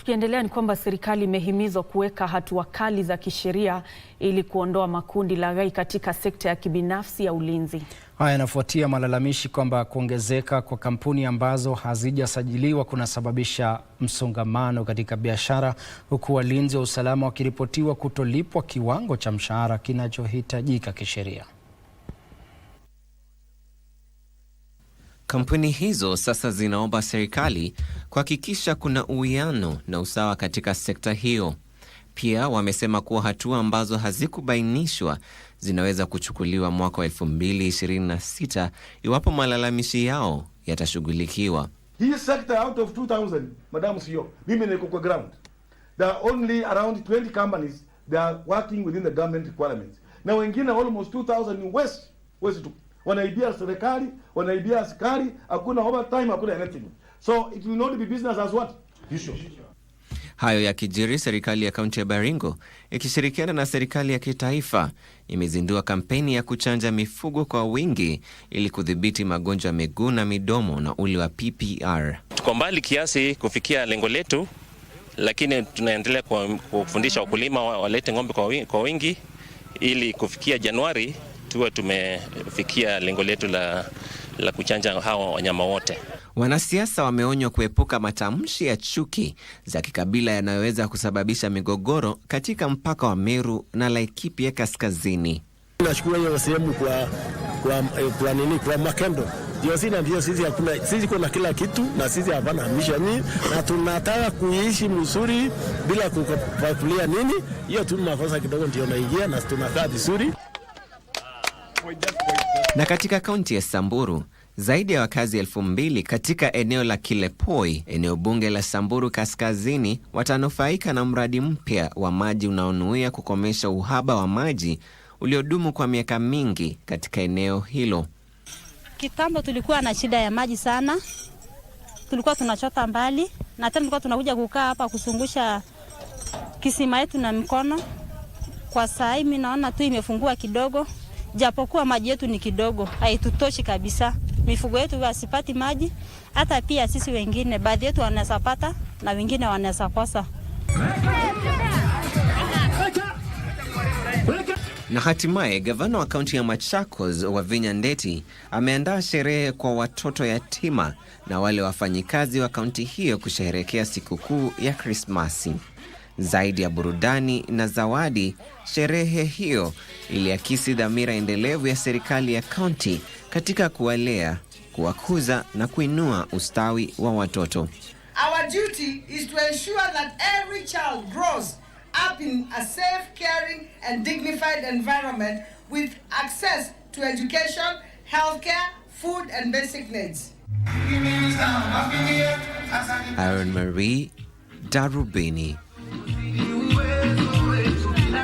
Tukiendelea ni kwamba serikali imehimizwa kuweka hatua kali za kisheria ili kuondoa makundi laghai katika sekta ya kibinafsi ya ulinzi. Haya yanafuatia malalamishi kwamba kuongezeka kwa kampuni ambazo hazijasajiliwa kunasababisha msongamano katika biashara, huku walinzi wa usalama wakiripotiwa kutolipwa kiwango cha mshahara kinachohitajika kisheria. Kampuni hizo sasa zinaomba serikali kuhakikisha kuna uwiano na usawa katika sekta hiyo. Pia wamesema kuwa hatua ambazo hazikubainishwa zinaweza kuchukuliwa mwaka wa 2026 iwapo malalamishi yao yatashughulikiwa. Hii sekta out of 2000, madam e mimi niko kwa ground. There are only around 20 companies that are working within the government requirements. Na wengine almost 2000 ni west, west wanaibia serikali, wanaibia askari, hakuna overtime, hakuna anything. So it will not be business as what usual. Hayo kijiri, serikali ya kaunti ya Baringo ikishirikiana na serikali ya kitaifa imezindua kampeni ya kuchanja mifugo kwa wingi ili kudhibiti magonjwa ya miguu na midomo na ule wa PPR. Tuko mbali kiasi kufikia lengo letu, lakini tunaendelea kufundisha wakulima walete ng'ombe kwa wingi ili kufikia Januari tuwe tumefikia lengo letu la, la kuchanja hawa wanyama wote. Wanasiasa wameonywa kuepuka matamshi ya chuki za kikabila yanayoweza kusababisha migogoro katika mpaka wa Meru na Laikipia kaskazini. Nashukuru hiyo sehemu kwa kwa eh, kwa nini kwa makendo ndio sisi na ndio sisi, hakuna sisi, kuna kila kitu na sisi hapana misha nini, na tunataka kuishi mzuri bila kupakulia nini. Hiyo tu makosa kidogo ndio naingia na tunakaa vizuri. Na katika kaunti ya Samburu zaidi ya wakazi elfu mbili katika eneo la Kilepoi, eneo bunge la Samburu Kaskazini, watanufaika na mradi mpya wa maji unaonuia kukomesha uhaba wa maji uliodumu kwa miaka mingi katika eneo hilo. Kitambo tulikuwa na shida ya maji sana, tulikuwa tunachota mbali, na tena tulikuwa tunakuja kukaa hapa kusungusha kisima yetu na mkono. Kwa saa hii mi naona tu imefungua kidogo japokuwa maji yetu ni kidogo, haitutoshi kabisa. Mifugo yetu wasipati maji, hata pia sisi wengine, baadhi yetu wanaweza pata na wengine wanaweza kosa. Na hatimaye gavana wa kaunti ya Machakos Wavinya Ndeti ameandaa sherehe kwa watoto yatima na wale wafanyikazi wa kaunti hiyo kusherehekea sikukuu ya Krismasi. Zaidi ya burudani na zawadi, sherehe hiyo iliakisi dhamira endelevu ya serikali ya kaunti katika kuwalea, kuwakuza na kuinua ustawi wa watoto. Our duty is to ensure that every child grows up in a safe, caring and dignified environment with access to education, healthcare, food and basic needs. Aaron Marie, Darubini.